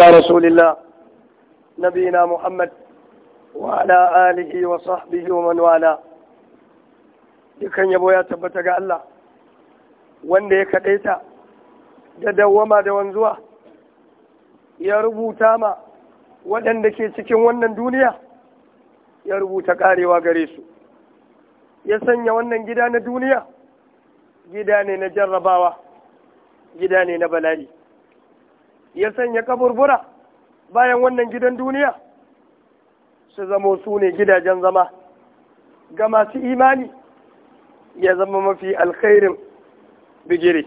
على رسول الله نبينا محمد وعلى آله وصحبه ومن والاه dukan yabo ya tabbata ga Allah wanda ya kaɗaita da dawwama da wanzuwa ya rubuta ma waɗanda ke cikin wannan duniya ya rubuta ƙarewa gare su ya sanya wannan gida na duniya gida ne na jarrabawa gida ne na bala'i ya sanya kaburbura bayan wannan gidan duniya su zamo su ne gidajen zama ga masu imani ya zama mafi alkhairin bigire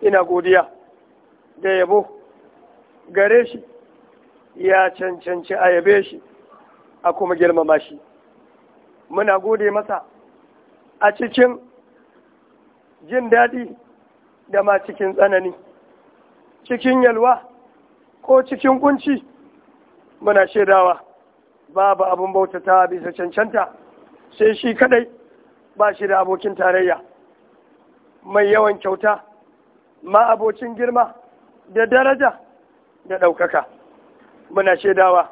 ina godiya da yabo gare shi ya cancanci a yabe shi a kuma girmama shi muna gode masa a cikin jin daɗi da ma cikin tsanani cikin yalwa ko cikin kunci muna shaidawa babu abin bauta ta bisa cancanta sai shi kadai ba shi da abokin tarayya mai yawan kyauta ma abocin girma da daraja da ɗaukaka muna shaidawa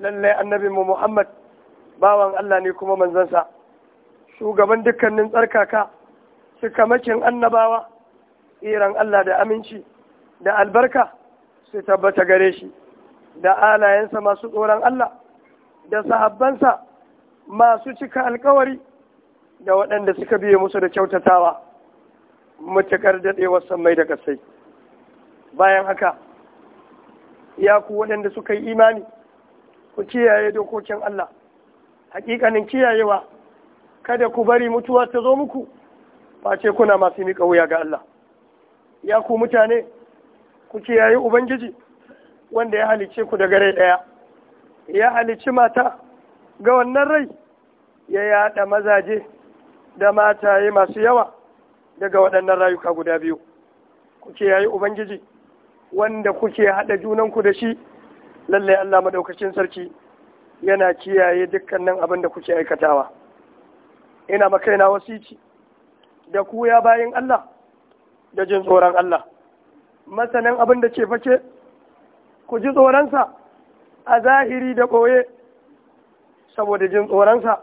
lallai annabi mu muhammad bawan allah ne kuma manzansa shugaban dukkanin tsarkaka makin annabawa iran allah da aminci da albarka su tabbata gare shi da alayensa masu tsoron Allah da sahabbansa masu cika alkawari da waɗanda suka biye musu da kyautatawa matuƙar daɗewar sammai da kasai bayan haka ya ku waɗanda suka yi imani ku kiyaye dokokin Allah hakikanin kiyayewa kada ku bari mutuwa ta zo muku face kuna masu miƙa wuya ga Allah ya ku mutane ku kiyaye ubangiji wanda ya halice ku daga rai ɗaya ya halici mata ga wannan rai ya yaɗa mazaje da mataye masu yawa daga waɗannan rayuka guda biyu ku kiyaye ubangiji wanda kuke haɗa junanku da shi lallai Allah maɗaukacin sarki yana kiyaye dukkanin abin da kuke aikatawa ina makaina wasici da ku ya bayan Allah da jin tsoron Allah masanan abin da ce fake ku ji tsoronsa a zahiri da ɓoye saboda jin tsoronsa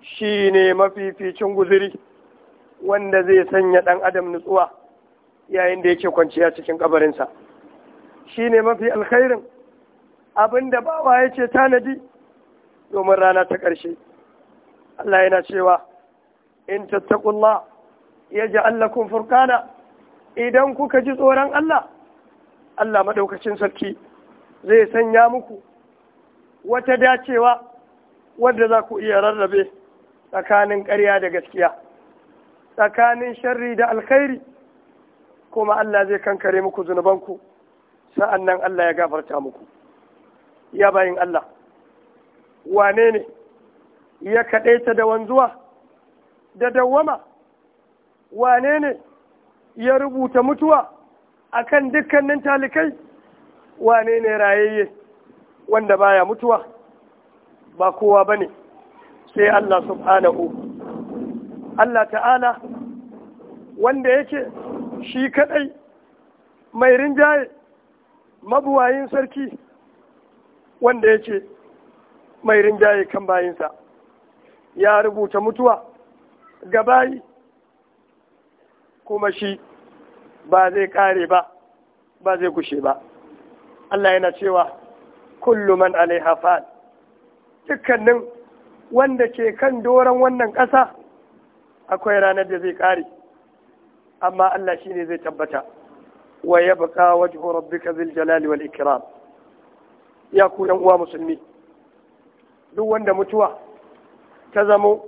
shi ne mafificin guziri wanda zai sanya ɗan adam nutsuwa yayin da yake kwanciya cikin ƙabarinsa shi ne mafi alkhairin abin da bawa ya ce tanadi domin rana ta ƙarshe Allah yana cewa in tattakullah ya ji kun furkana idan kuka ji tsoron Allah Allah maɗaukacin sarki zai sanya muku wata dacewa wadda za ku iya rarrabe tsakanin ƙarya da gaskiya tsakanin sharri da alkhairi kuma Allah zai kankare muku zunubanku sa'an nan Allah ya gafarta muku ya bayin Allah wane ne ya kaɗaita da wanzuwa da dawwama wane ne ya rubuta mutuwa a kan dukkanin talikai wane ne rayayye wanda baya mutuwa ba kowa bane sai Allah subhanahu Allah ta'ala wanda yake shi kadai mai rinjaye mabuwayin sarki wanda yake mai rinjaye kan bayinsa ya rubuta mutuwa ga bayi kuma shi ba zai kare ba ba zai kushe ba Allah yana cewa kullu man alaiha fa'al dukkanin wanda ke kan doron wannan ƙasa akwai ranar da zai kare amma Allah shi ne zai tabbata wa ya baka wajhu rabbika zil jalali wal ikram ya ku yan uwa musulmi duk wanda mutuwa ta zamo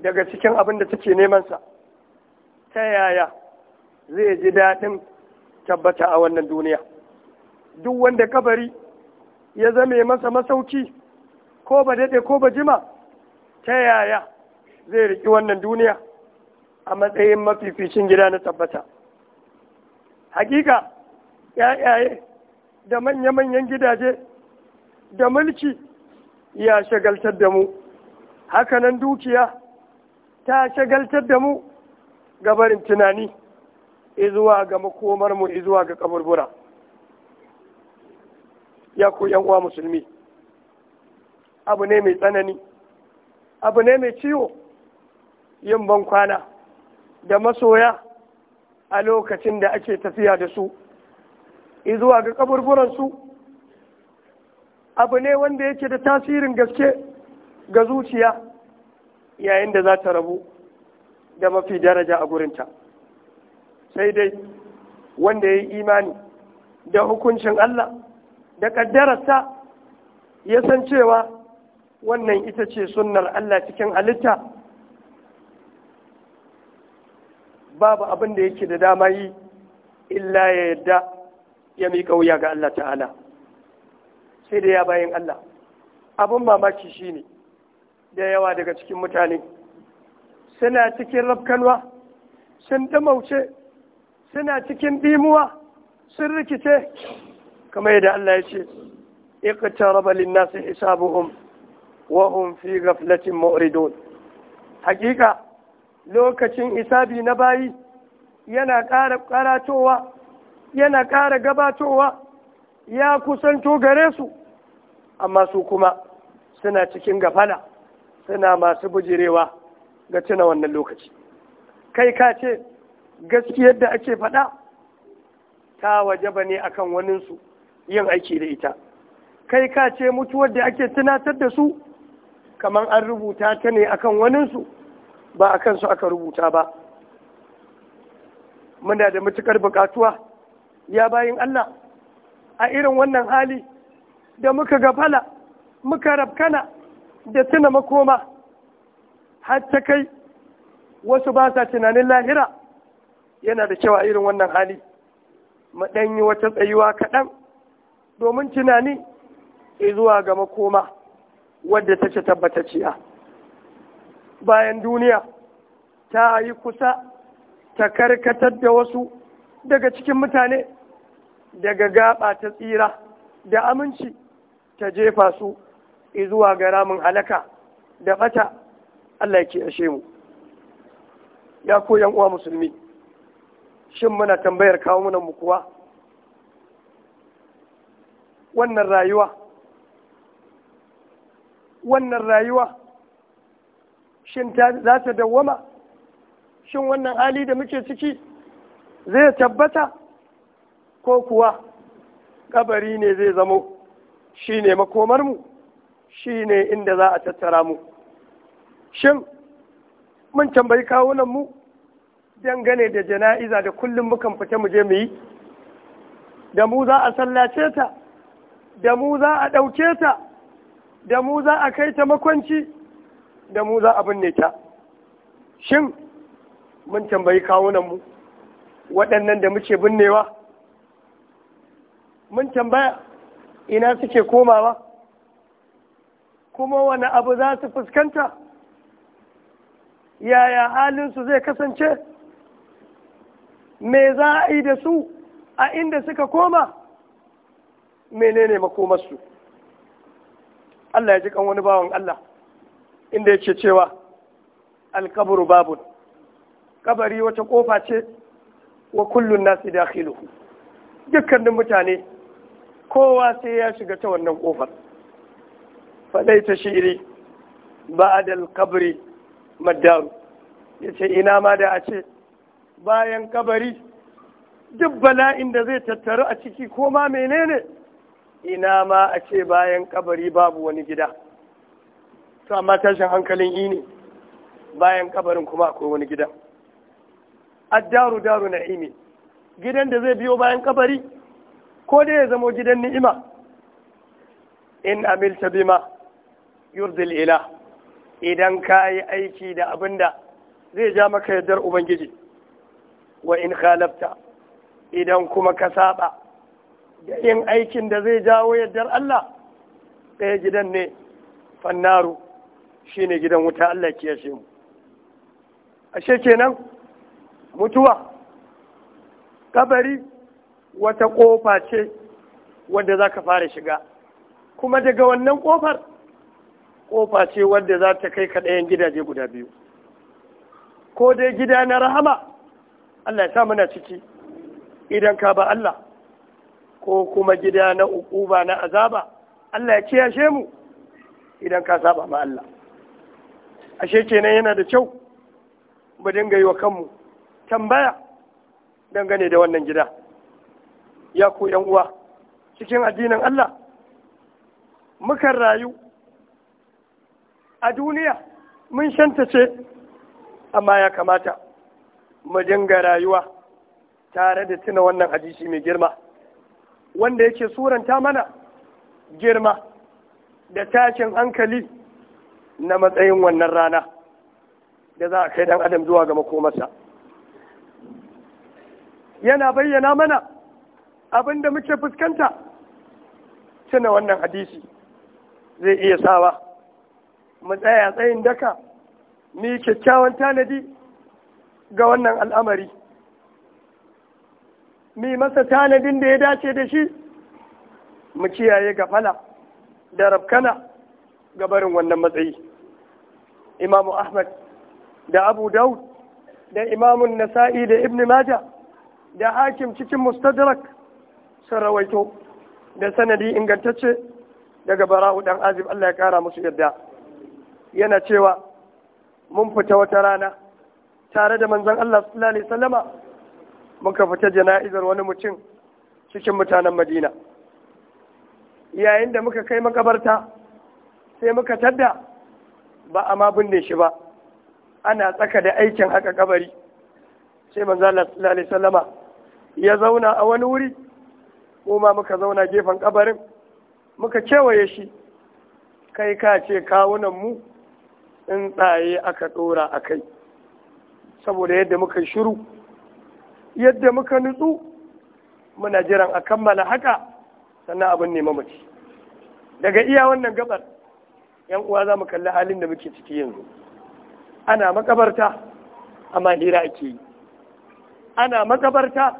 daga cikin abin da take neman sa ta yaya zai ji daɗin tabbata a wannan duniya duk wanda kabari ya zame masa masauki ko ba daɗe ko ba jima ta yaya zai riƙi wannan duniya a matsayin mafificin gida na tabbata hakika yayaye da manya-manyan gidaje da mulki ya shagaltar da mu hakanan dukiya ta shagaltar da mu gabarin tunani izuwa ga makomar mu izuwa ga kaburbura ya ku yan uwa musulmi abu ne mai tsanani abu ne mai ciwo yin kwana da masoya a lokacin da ake tafiya da su izuwa ga kaburburansu abu ne wanda yake da tasirin gaske ga zuciya yayin da za ta rabu da mafi daraja a gurinta sai dai wanda ya yi imani da hukuncin Allah da ƙaddararsa ya san cewa wannan ita ce sunnar Allah cikin halitta babu abin da yake da dama yi illa ya yarda ya miƙa wuya ga Allah ta'ala sai da ya bayan Allah abin mamaki shine da yawa daga cikin mutane suna cikin rafkanwa sun damauce suna cikin ɗimuwa sun rikice kamar yadda Allah ya ce iqtaraba lin-nasi hisabuhum wa hum fi ghaflatin mu'ridun haqiqa lokacin hisabi na bayi yana ƙara karatowa yana ƙara gabatowa ya kusanto gare su amma su kuma suna cikin gafala suna masu bujirewa ga tuna wannan lokaci kai ka ce gaskiyar da ake faɗa ta waje ba ne akan waninsu yin aiki da ita kai ka ce mutuwar da ake tunatar da su kamar an rubuta ta ne akan waninsu ba a kansu aka rubuta ba muna da matuƙar buƙatuwa ya bayin Allah a irin wannan hali da muka gafala muka rafkana da tuna makoma har ta kai wasu ba sa tunanin lahira yana da kyau a irin wannan hali mu ɗan yi wata tsayuwa kaɗan domin tunani zuwa ga makoma wadda take tabbatacciya bayan duniya ta yi kusa ta karkatar da wasu daga cikin mutane daga gaba ta tsira da aminci ta jefa su zuwa ga ramin halaka da bata Allah ya ce ashe mu ya koyan uwa musulmi shin muna tambayar kawo mu kuwa wannan rayuwa wannan rayuwa shin za ta dawwama shin wannan hali da muke ciki zai tabbata ko kuwa kabari ne zai zamo shi ne makomarmu shi ne inda za a tattara mu shin mun tambayi kawunan mu dangane da jana'iza da kullum mukan fita mu je mu yi da mu za a sallace ta da mu za a ɗauke ta da mu za a kai ta makwanci da mu za a binne ta shin mun tambayi kawunan mu waɗannan da muke binnewa mun tambaya ina suke komawa kuma wani abu za su fuskanta yaya halinsu zai kasance me za a yi da su a inda suka koma menene makomarsu Allah ya ji kan wani bawan Allah inda yake cewa alkaburu babun kabari wata kofa ce wa kullun nasi dakhiluhu dukkanin mutane kowa sai ya shiga ta wannan kofar ta shiri ba'da alkabri madaru ya ce ina ma da a ce bayan kabari duk bala'in da zai tattaru a ciki ko ma menene ina ma a ce bayan kabari babu wani gida to amma tashin hankalin yi ne bayan kabarin kuma akwai wani gida addaru daru na'imi gidan da zai biyo bayan kabari ko dai ya zamo gidan ni'ima in amilta bima yurdil ila idan ka yi aiki da abin da zai ja maka yardar ubangiji wa in khalafta idan kuma ka saba da yin aikin da zai jawo yardar Allah ɗaya gidan ne fannaru shine gidan wuta Allah ke yashe mu ashe kenan mutuwa kabari wata ƙofa ce wanda za ka fara shiga kuma daga wannan ƙofar kofa ce wadda za ta kai kaɗayan gidaje guda biyu ko dai gida na rahama Allah ya sa muna ciki idan ka ba Allah ko kuma gida na uquba na azaba Allah ya kiyashe mu idan ka saba ma Allah ashe kenan yana da kyau mu dinga yi wa kanmu tambaya dangane da wannan gida ya ku yan uwa cikin addinin Allah mukan rayu a duniya mun shanta ce amma ya kamata mu dinga rayuwa tare da tuna wannan hadisi mai girma wanda yake suranta mana girma da tashin hankali na matsayin wannan rana da za a kai dan adam zuwa ga makomarsa yana bayyana mana abin da muke fuskanta tuna wannan hadisi zai iya sawa mu tsaya tsayin daka mu yi kyakkyawan tanadi ga wannan al'amari mu yi masa tanadin da ya dace da shi mu kiyaye ga fala da rabkana ga barin wannan matsayi imamu ahmad da abu daud da imamun nasa'i da ibn maja da hakim cikin mustadrak sun rawaito da sanadi ingantacce daga bara'u ɗan azib Allah ya kara musu yadda yana cewa mun fita wata rana tare da manzon Allah sallallahu alaihi wasallama muka fita jana'izar wani mutum cikin mutanen Madina yayin da muka kai makabarta sai muka tadda ba a ma binne shi ba ana tsaka da aikin haka kabari sai manzo Allah sallallahu alaihi wasallama ya zauna a wani wuri ko ma muka zauna gefen kabarin muka kewaye shi kai ka ce kawunan mu tsaye aka ɗora a kai saboda yadda muka shiru yadda muka nutsu muna jiran a kammala haka sannan abin nema mamaci daga iya wannan gabar yan uwa za mu kalli halin da muke ciki yanzu ana makabarta amma hira ake yi ana makabarta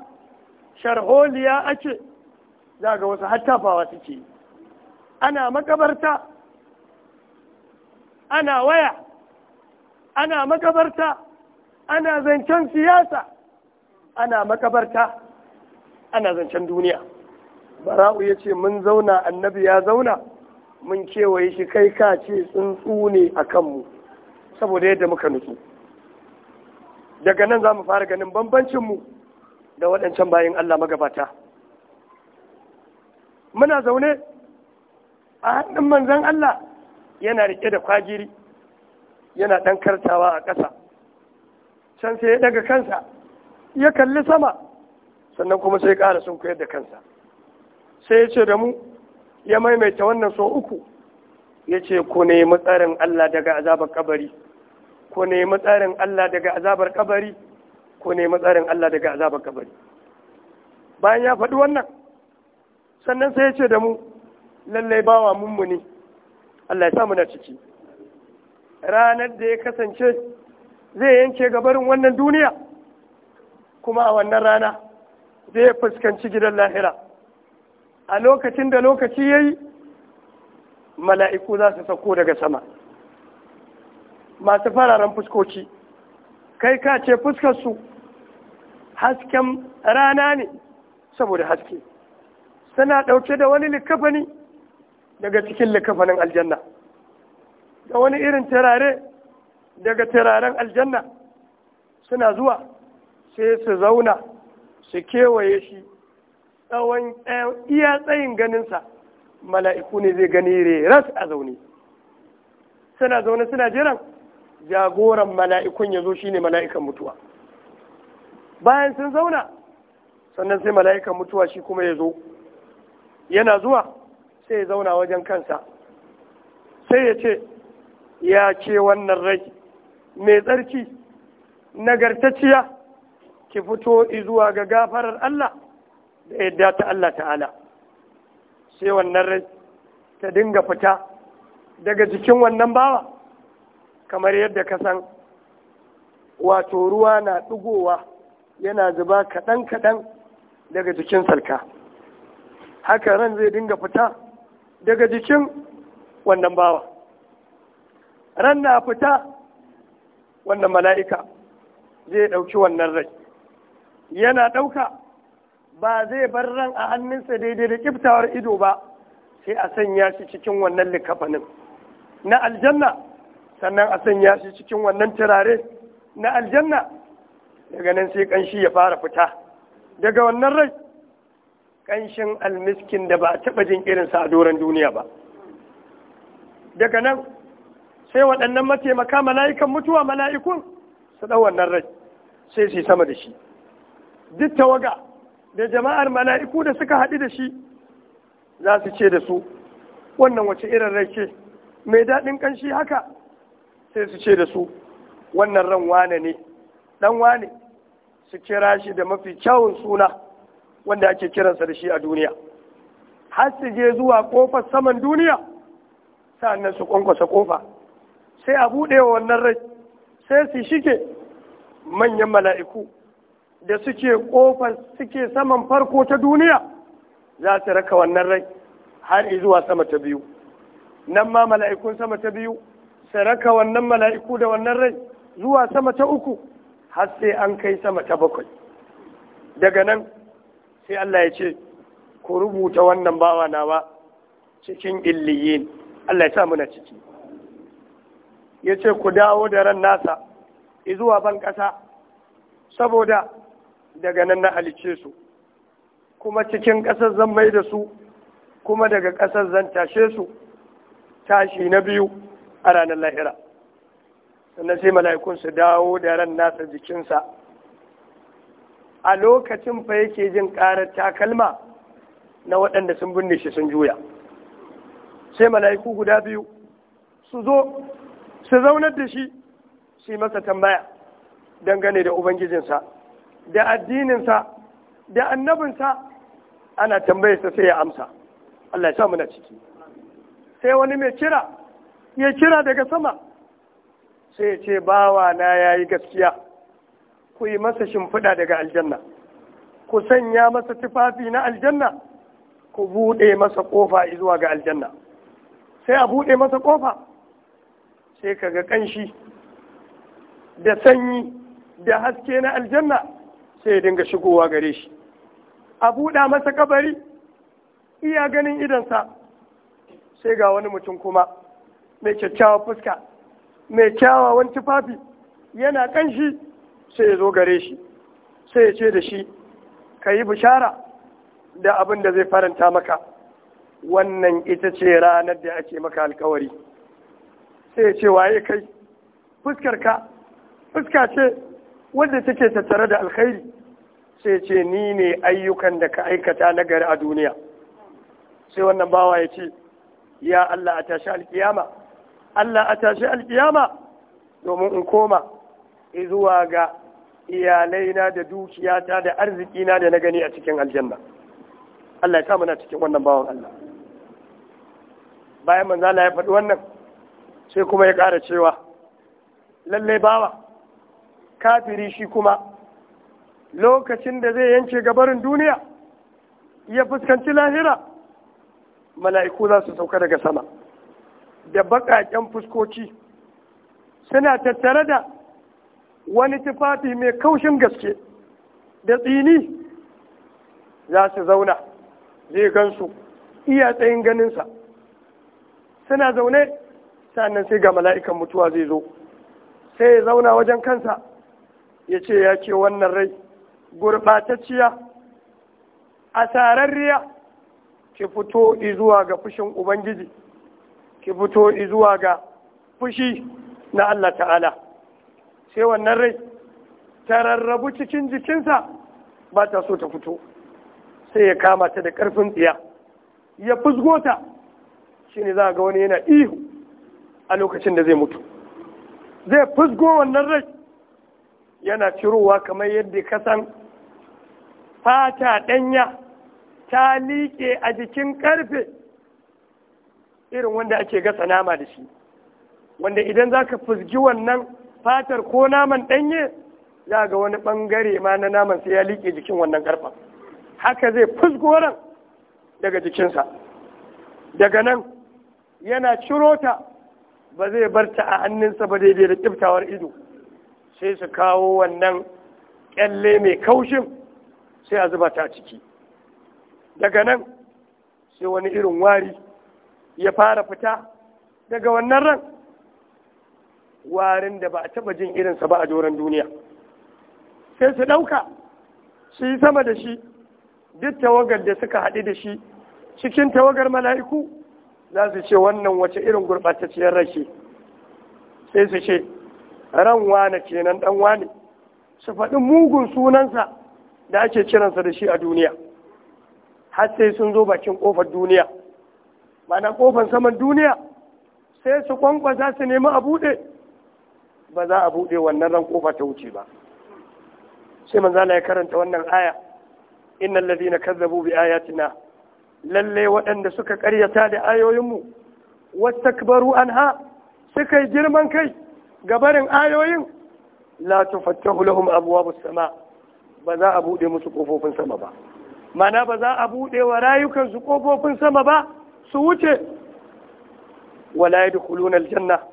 sharholiya ake za ga wasu hattafawa suke ana makabarta ana waya ana makabarta ana zancen siyasa ana makabarta ana zancen duniya bara'u ya ce mun zauna annabi ya zauna mun kewaye shi kai ka ce tsuntsu ne a kanmu saboda yadda muka nutsu daga nan za mu fara ganin bambancinmu da waɗancan bayan Allah magabata muna zaune a hannun manzan Allah yana rike da kwagiri yana ɗan kartawa a ƙasa can sai ya daga kansa ya kalli sama sannan kuma sai ƙara sun kuyar da kansa sai ya ce da mu ya maimaita wannan so uku ya ce ko ne matsarin Allah daga azabar kabari ko ne matsarin Allah daga azabar kabari ko ne matsarin Allah daga azabar kabari bayan ya faɗi wannan sannan sai ya ce da mu lallai bawa mummuni Allah ya sa na ciki ranar da ya kasance zai yanke gabarin wannan duniya kuma a wannan rana zai fuskanci gidan lahira a lokacin da lokaci ya yi mala'iku za su sauko daga sama masu fararen fuskoki, kai ka ce fuskarsu hasken rana ne saboda haske suna ɗauke da wani likafani daga cikin likafanin aljanna da wani irin tarare daga tararen aljanna suna zuwa sai su zauna su kewaye shi tsawon eh, iya tsayin ganinsa mala'iku ne zai gani reras a zaune suna zaune suna jiran jagoran mala'ikun ya zo shine mala'ikan mutuwa bayan sun zauna sannan sai mala'ikan mutuwa shi kuma ya zo yana zuwa sai ya zauna wajen kansa sai ya ce ya ce wannan rai mai tsarki nagartacciya ki fito zuwa ga gafarar Allah da yadda ta Allah ta'ala sai wannan rai ta dinga fita daga jikin wannan bawa kamar yadda ka san wato ruwa na ɗigowa yana zuba kaɗan-kaɗan daga jikin salka haka ran zai dinga fita daga jikin wannan bawa ran na fita wannan mala'ika zai ɗauki wannan rai yana ɗauka ba zai bar ran a hannunsa daidai da ƙiftawar ido ba sai a sanya shi cikin wannan likafanin na aljanna sannan a sanya shi cikin wannan turare na aljanna daga nan sai ƙanshi ya fara fita daga wannan rai ƙanshin almiskin da ba a taɓa jin irin su a doron duniya ba daga nan sai waɗannan mataimaka mala'ikan mutuwa mala'ikun su ɗau wannan rai sai su sama da shi duk tawaga da jama'ar mala'iku da suka haɗu da shi za su ce da su wannan wace irin rai ce mai daɗin ƙanshi haka sai su ce da su wannan ran wane ne ɗan wane su kira shi da mafi kyawun suna wanda ake kiransa da shi a duniya har su je zuwa kofar saman duniya sa'annan su kwankwasa kofa sai a buɗe wa wannan rai sai su shike manyan mala'iku da suke kofar suke saman farko ta duniya za su raka wannan rai har zuwa sama ta biyu nan ma mala'ikun sama ta biyu su raka wannan mala'iku da wannan rai zuwa sama ta uku har sai an kai sama ta bakwai daga nan sai Allah ya ce ku rubuta wannan bawa nawa cikin illiyin Allah ya sa muna ciki ya ce ku dawo da ran nasa izuwa ban ƙasa saboda daga nan na halice su kuma cikin ƙasar zan mai da su kuma daga ƙasar zan tashe su tashi na biyu a ranar lahira sannan sai mala'ikun su dawo da ran nasa jikinsa a lokacin fa yake jin ƙarar takalma na waɗanda sun binne shi sun juya sai mala'iku guda biyu su zo su zaunar da shi su masa tambaya dangane da ubangijinsa da addininsa da annabinsa ana tambayarsa sai ya amsa Allah ya samu na ciki sai wani mai kira ya kira daga sama sai ya ce bawa na ya yi gaskiya ku yi masa shimfiɗa daga aljanna ku sanya masa tufafi na aljanna ku buɗe masa ƙofa zuwa ga aljanna sai a buɗe masa ƙofa sai ka ga ƙanshi da sanyi da haske na aljanna sai ya dinga shigowa gare shi a buɗa masa kabari iya ganin idansa sai ga wani mutum kuma mai kyakkyawa fuska mai kyawawan tufafi yana ƙanshi sai ya zo gare shi sai ya ce da shi ka yi bishara da abin da zai faranta maka wannan ita ce ranar da ake maka alkawari sai ya ce waye kai fuskarka fuska ce wanda take tattare da alkhairi sai ce ni ne ayyukan da ka aikata na gari a duniya sai wannan bawa ya ce ya Allah a tashi alkiyama Allah a tashi alkiyama domin in koma zuwa ga iyalaina da dukiyata da arzikina da na gani a cikin aljanna Allah ya kama na cikin wannan bawan Allah bayan manzala ya faɗi wannan sai kuma ya ƙara cewa lallai bawa kafiri shi kuma lokacin da zai yanke gabarin duniya ya fuskanci lahira mala'iku za su sauka daga sama da baƙaƙen fuskoci suna tattare da wani tufafi mai kaushin gaske da tsini za su zauna zai gansu iya tsayin ganinsa suna zaune sannan sai ga mala'ikan mutuwa zai zo sai ya zauna wajen kansa ya ce ya ce wannan rai gurɓatacciya sararriya ki fito izuwa ga fushin ubangiji ki fito izuwa ga fushi na Allah ta'ala sai wannan rai ta rarrabu cikin jikinsa ba ta so ta fito sai ya kama ta da ƙarfin tsiya ya fusgo ta ne za a ga wani yana ihu a lokacin da zai mutu zai fusgo wannan rai yana cirowa kamar yadda ka san fata ɗanya ta liƙe a jikin ƙarfe irin wanda ake gasa nama da shi wanda idan za ka fusgi wannan fatar ko naman ɗanye za ga wani ɓangare ma na naman sai ya liƙe jikin wannan ƙarfen haka zai fuskoran daga jikinsa daga nan yana ciro ta ba zai bar ta a hannunsa ba daidai da ƙiftawar ido sai su kawo wannan ƙyalle mai kaushin sai a zuba ta ciki daga nan sai wani irin wari ya fara fita daga wannan ran warin da ba a taba jin irinsa ba a doron duniya sai su ɗauka su yi sama da shi duk tawagar da suka haɗu da shi cikin tawagar mala'iku za su ce wannan wace irin gurɓatacciyar rashi sai su ce ran wane kenan ɗan wane su faɗi mugun sunansa da ake kiransa da shi a duniya har sai sun zo bakin ƙofar duniya ma'ana ƙofar saman duniya sai su kwankwasa su nemi a buɗe ba za a buɗe wannan ran kofa ta wuce ba sai manzala ya karanta wannan aya innal ladina kazzabu bi ayatina lalle waɗanda suka ƙaryata da ayoyinmu wastakbaru anha suka yi girman kai ga barin ayoyin la tufattahu lahum abwabus sama ba za a buɗe musu kofofin sama ba mana ba za a buɗe wa rayukansu kofofin sama ba su wuce wala yadkhuluna aljanna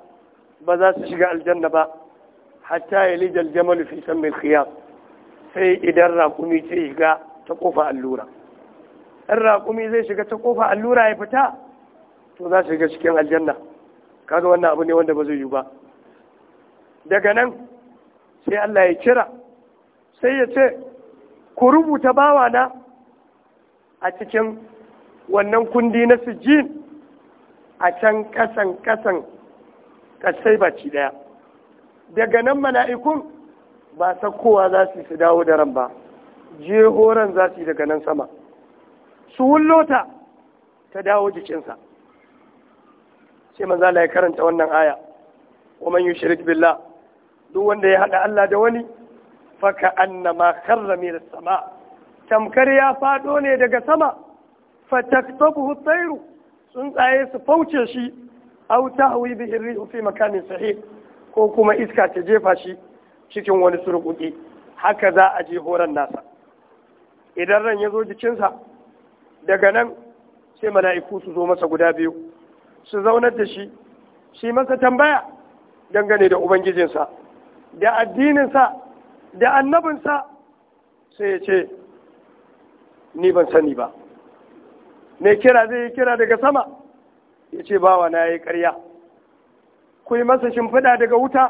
ba za su shiga aljanna ba hatta ya lijal jamalu fi sammil khiyam sai idan raƙumi ce shiga ta kofa allura in raƙumi zai shiga ta kofa allura ya fita to za su shiga cikin aljanna kaga wannan abu ne wanda ba zai yi ba daga nan sai Allah ya kira sai ya ce ku rubuta bawa na a cikin wannan kundi na sijin a can kasan kasan kasai baci daya daga nan mala'ikun ba kowa za su su dawo da ran ba jehoran za su yi daga nan sama su wullota ta dawo jikinsa sai manza la ya karanta wannan aya wa man yushrik billah duk wanda ya haɗa Allah da wani faka annama kharra da sama tamkar ya fado ne daga sama fataktabuhu sun tsuntsaye su fauce shi aw tahwi bihi rihu fi makanin sahih ko kuma iska ta jefa shi cikin wani surkuki haka za a je horon nasa idan ran ya zo jikinsa daga nan sai mala'iku su zo masa guda biyu su zaunar da shi shi masa tambaya dangane da ubangijinsa da addininsa da annabinsa sai ya ce ni ban sani ba Me kira zai yi kira daga sama ya ce bawa na ya yi karya. ku yi masa shimfiɗa daga wuta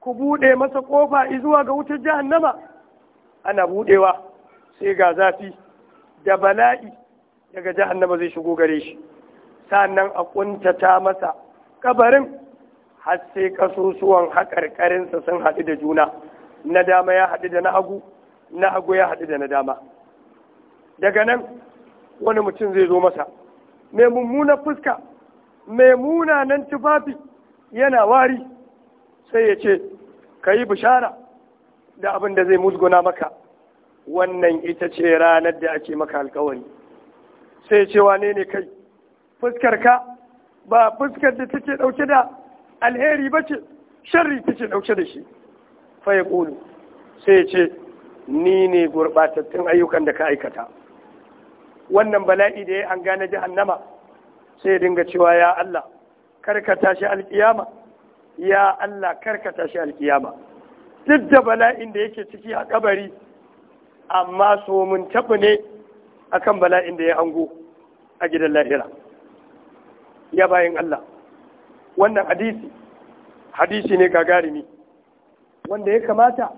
ku buɗe masa ƙofa izuwa ga wutar Nama. ana buɗewa sai ga zafi da bala'i daga Nama zai shigo gare shi sannan a ƙuntata masa ƙabarin, har sai ƙasusuwan haƙarƙarinsa sun haɗu da juna na dama ya haɗu da na hagu na hagu ya haɗu da na dama daga nan wani mutum zai zo masa mai mummuna fuska mai munanan tufafi yana wari sai ya ce ka yi bishara da abin da zai musguna maka wannan ita ce ranar da ake maka alkawari sai ce wane ne kai fuskar ka ba fuskar da take ɗauke da alheri ba ce sharri take ɗauke da shi fa ya sai ya ce ni ne gurɓatattun ayyukan da ka aikata wannan bala'i da ya an gane jahannama sai dinga cewa ya Allah karkata shi alkiyama ya Allah karkata tashi alkiyama duk da bala'in da yake ciki a kabari amma so mun tabu ne akan bala'in da ya hango a gidan lahira ya bayan Allah wannan hadisi hadisi ne gagarumi wanda ya kamata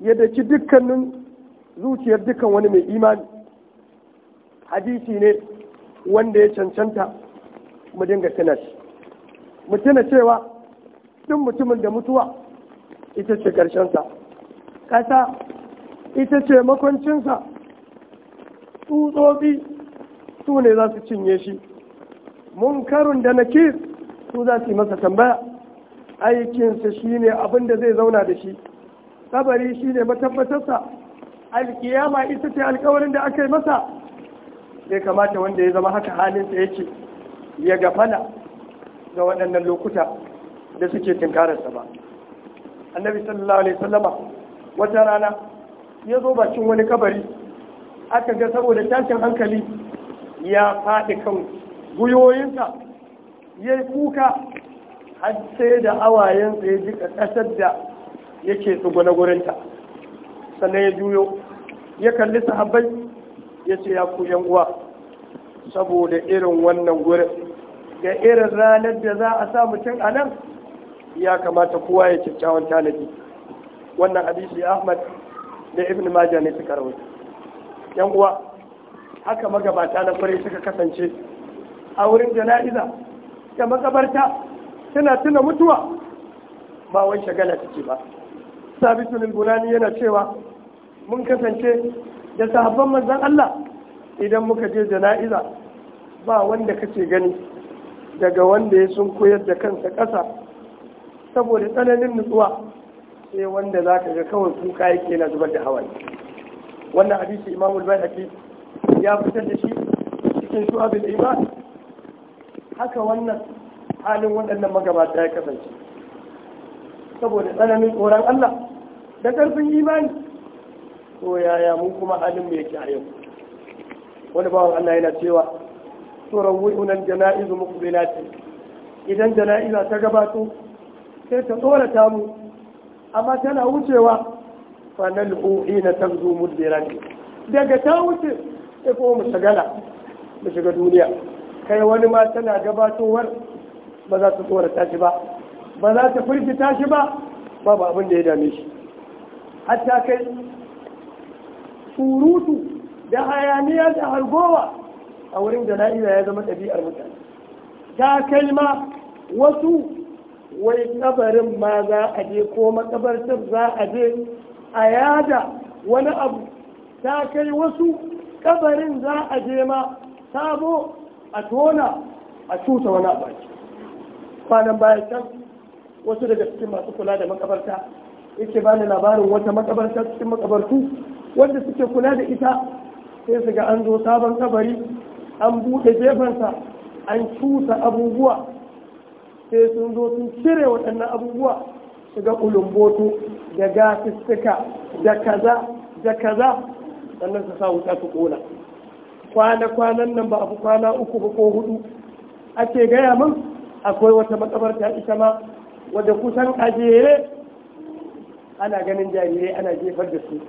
ya daki dukkanin zuciyar dukkan wani mai imani hadisi ne wanda ya cancanta mu dinga tuna shi mu cewa duk mutumin da mutuwa ita ce ƙarshensa ƙasa ita ce makwancinsa tsutsobi su ne za su cinye shi munkarun da nakir su za su yi masa tambaya aikinsa shi ne abin da zai zauna da shi kabari shi ne matabbatarsa alkiyama ita ce alkawarin da aka yi masa sai kamata wanda ya zama haka halinsa yake ya gafala ga waɗannan lokuta da suke tunkararsa ba annabi sallallahu alaihi sallama wata rana ya zo bakin wani kabari aka ga saboda tashin hankali ya faɗi kan guyoyinsa ya yi kuka har sai da awayensa ya ji ƙasar da yake tsuguna gurinta sannan ya juyo ya kalli sahabbai ya ce ya ku yan uwa saboda irin wannan gurin da irin ranar da za a sa mutum a nan ya kamata kowa ya kyakkyawan tanadi wannan hadisi ahmad da ibn majah ne suka rawaito yan uwa haka magabata na kwarai suka kasance a wurin jana'iza da makabarta suna tuna mutuwa ba wai shagala take ba sabitul bulani yana cewa mun kasance da sahabban manzan Allah idan muka je jana'iza ba wanda kace gani daga wanda ya sun koyar da kansa ƙasa saboda tsananin nutsuwa sai wanda za ka ga kawai kuka yake na zubar da hawaye wannan hadisi imamul bayhaqi ya fitar da shi cikin shu'abul iman haka wannan halin waɗannan magabata ya kasance saboda tsananin tsoron Allah da ƙarfin imani so yaya mun kuma halin mu yake a yau wani bawan Allah yana cewa wuyunan jana'izu muqbilati idan jana'iza ta gabato sai ta tsorata mu amma tana wucewa fa nal'u na tabzu mudbiran daga ta wuce sai ko mu shagala mu shiga duniya kai wani ma tana gabatowar ba za ta tsorata shi ba ba za ta firgita shi ba babu abin da ya dame shi hatta kai surutu da hayaniya da hargowa a wurin jana'iza ya zama ɗabi'ar mutane ta kalma wasu wai kabarin ma za a je ko makabartar za a je a yada wani abu ta kai wasu kabarin za a je ma sabo a tona a cuta wani abu kwanan bayan can wasu daga cikin masu kula da makabarta yake bani labarin wata makabarta cikin makabartu wanda suke kula da ita sai su ga an zo sabon kabari an buɗe gefensa an cusa abubuwa sai sun zo sun cire waɗannan abubuwa su ga ulumboto, da gasissuka da kaza da kaza sannan su sa wuta su ƙona. kwana-kwanan nan ba abu kwana uku ba ko hudu ake gaya min akwai wata makabarta ita ma wadda kusan ajere ana ganin jarirai ana jefar da su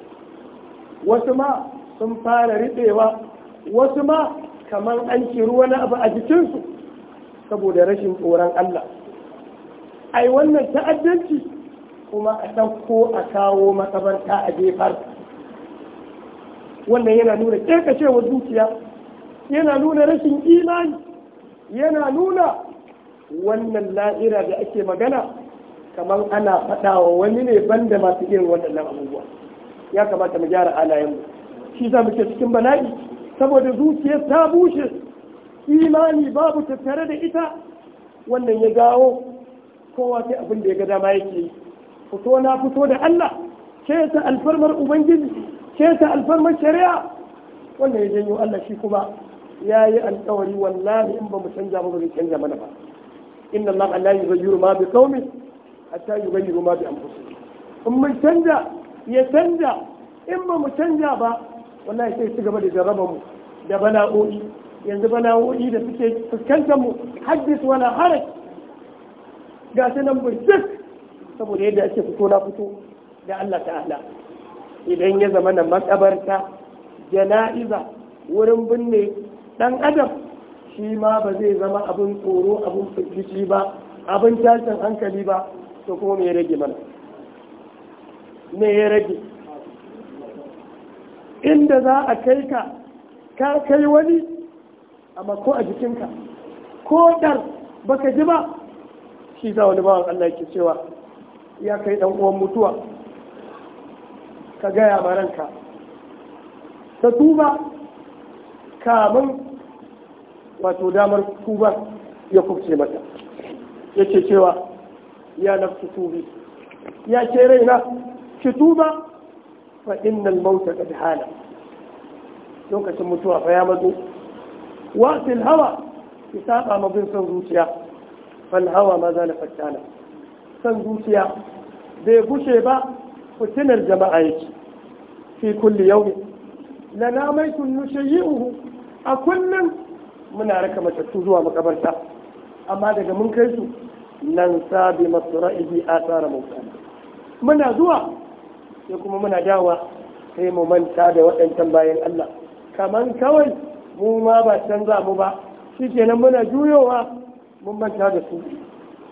wasu ma sun fara ritsewa, wasu ma kamar an kiru wani abu a jikinsu saboda rashin tsoron Allah ai wannan ta'addanci kuma a ɗauko a kawo makabarta a jefar wannan yana nuna ƙirƙacewar zuciya yana nuna rashin imani yana nuna wannan la'ira da ake magana kamar ana faɗawa wani ne banda masu irin waɗannan abubuwa ya kamata mu gyara halayen mu shi za mu ke cikin bala'i saboda zuciyar ta bushe imani babu ta tare da ita wannan ya gawo kowa sai abin da ya ga dama yake fito na fito da Allah ce ta alfarmar ubangiji ce ta alfarmar shari'a wannan ya janyo Allah shi kuma ya yi alkawari wallahi in ba mu canja ba ba zai canja mana ba inna Allah la yughayyiru ma bi qaumin hatta yughayyiru ma bi anfusihim in mun canja ya canja in ba mu canja ba wallahi sai su gaba da jaraba mu da bala'o'i yanzu bala'o'i da suke fuskantar mu haddis wala haraj ga su nan burjik saboda yadda ake fito na fito da Allah ta'ala idan ya zama na makabarta jana'iza wurin binne dan adam shi ma ba zai zama abin tsoro abin firgici ba abin tashin hankali ba to kuma me ya rage mana Ne ya rage inda za a kai ka ka kai wani amma ko a jikinka ko dar baka ji ba shi za wani bawan Allah ke cewa ya kai dan uwan mutuwa ka gaya ma ranka ta tuba kamun wato damar tubar ya kubce mata yake cewa ya nafsu tubi ya ce raina ki tuba fa innal mauta qad hala lokacin mutuwa fa ya matso wa hawa ki saba ma bin son zuciya fal hawa ma zala fattana son zuciya bai gushe ba fitinar jama'a yake fi kulli yawmi lana yi nushayyi'uhu a kullum muna raka matattu zuwa makabarta amma daga mun kai su nan sabi masu ra'ihi a tsara mutane muna zuwa sai kuma muna dawa sai mu manta da waɗancan bayan Allah Kamar kawai mu ma ba canza mu ba shi kenan muna juyowa mun manta da su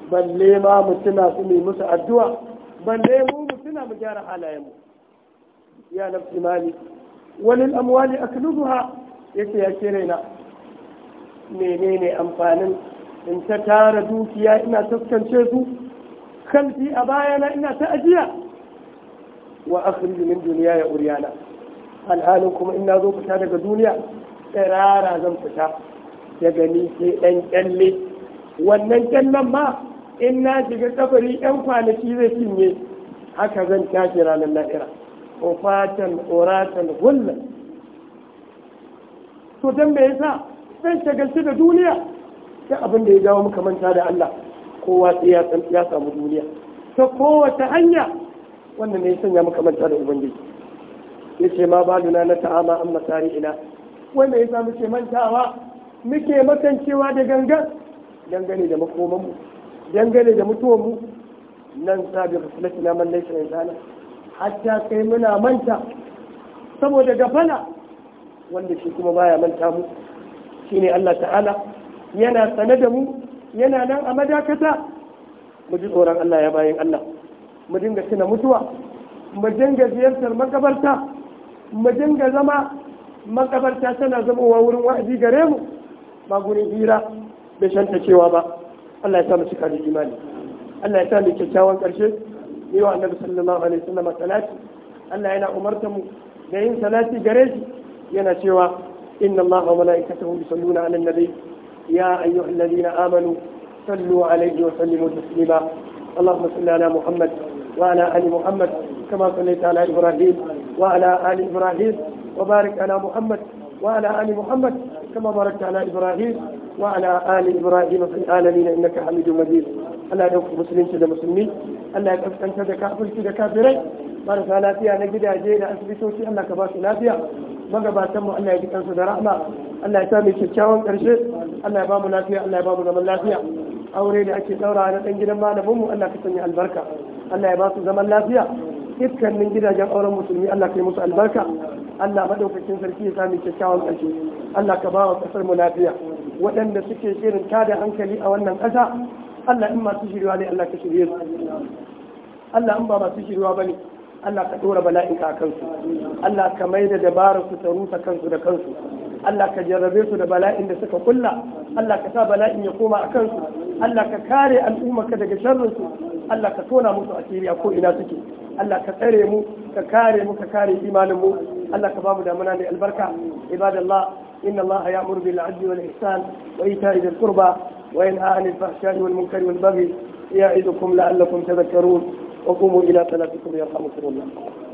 balle ma mu tuna su mai musu addu'a balle mu mu tuna mu gyara halayen mu ya nafsi mali walil amwali aklubuha yace ya ke raina menene amfanin in ta tara dukiya ina taskance su kalfi a bayana ina ta ajiya wa akhrij min duniya ya uriyana alhalin kuma ina zo fita daga duniya tsirara zan fita ya gani sai ɗan kyalle wannan kyallen ma in na shiga kabari ɗan kwanaki zai cinye haka zan tashi ranar la'ira ofatan oratan hulla to don me yasa zan shagalci da duniya ta abin da ya jawo muka manta da Allah kowa sai ya samu duniya ta kowace hanya wannan ne sanya muka manta da ubangiji yace ma baluna na ta'ama an masari ina wanda yasa muke mantawa muke makancewa da gangan dangane da makoman mu dangane da mutuwan mu nan sabi na man laysa insana hatta kai muna manta saboda gafala wanda shi kuma baya manta mu shine Allah ta'ala yana sane da mu yana nan a madakata mu ji tsoron Allah ya bayin Allah mu dinga tuna mutuwa mu dinga ziyartar makabarta mu dinga zama makabarta tana zama zamowa wurin wa'azi gare mu ba gurin hira bai shanta cewa ba Allah ya sa mu cika da imani Allah ya sa mu kyakkyawan karshe ne wa annabi sallallahu alaihi wasallam salati Allah yana umarta mu da yin salati gare shi yana cewa inna Allah wa malaikatahu yusalluna ala nabi ya ayyuhalladhina amanu sallu alaihi wa sallimu taslima اللهم صل على محمد وعلى آل محمد كما صليت على إبراهيم وعلى آل إبراهيم وبارك على محمد وعلى آل محمد كما باركت على إبراهيم وعلى آل إبراهيم في العالمين إنك حميد مجيد Allah ya musulunci da musulmi Allah ya kaskanta da kafirci da kafirai marasa lafiya na gidaje da asibitoci Allah ka ba su lafiya magabatan mu Allah ya ji kansu da rahma Allah ya sa mu kyakkyawan karshe Allah ya ba mu lafiya Allah ya ba mu zaman lafiya aure da ake daura na ɗan gidan malamin mu Allah ka sanya albarka Allah ya ba su zaman lafiya dukkanin gidajen auren musulmi Allah kai musu albarka Allah madaukakin sarki ya sami kyakkyawan ƙarshe Allah ka ba wa ƙasar mu lafiya waɗanda suke shirin tada hankali a wannan ƙasa Allah in masu shirwa ne Allah ka shirye su Allah in ba masu shirwa bane Allah ka ɗora bala'inka a kansu Allah ka mai da dabarar su ta rusa kansu da kansu Allah ka jarrabe su da bala'in da suka kulla Allah ka sa bala'in ya koma a kansu Allah ka kare al'ummarka daga su Allah ka tona musu asiri a ko ina suke Allah ka tsare mu ka kare mu ka kare imanin mu Allah ka bamu damana da albarka ibadallah inna Allah ya amuru bil 'adli wal ihsan wa ita'i dhil qurba wa yanha 'anil fahsha'i wal munkari wal baghi ya'idukum la'allakum tadhakkarun وقوموا إلى صلاتكم يرحمكم الله